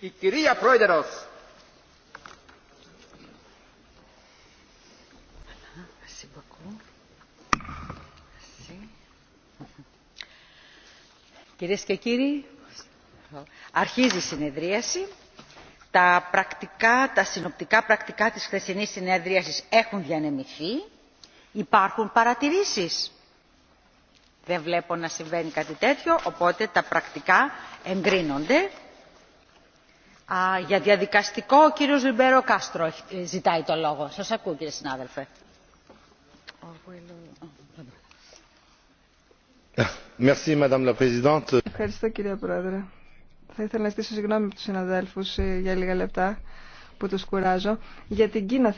Η κυρία Πρόεδρος. Κυρίες και κύριοι, αρχίζει η συνεδρίαση. Τα, πρακτικά, τα συνοπτικά πρακτικά της χθεσινής συνεδρίασης έχουν διανεμηθεί. Υπάρχουν παρατηρήσεις. Δεν βλέπω να συμβαίνει κάτι τέτοιο, οπότε τα πρακτικά εγκρίνονται. Α, για διαδικαστικό ο κύριος Ριμπέρο Κάστρο ε, ζητάει το λόγο. Σας ακούω κύριε συνάδελφε. Ευχαριστώ κύριε Πρόεδρε. Θα ήθελα να ζητήσω συγγνώμη από τους συναδέλφους ε, για λίγα λεπτά που τους κουράζω. Για την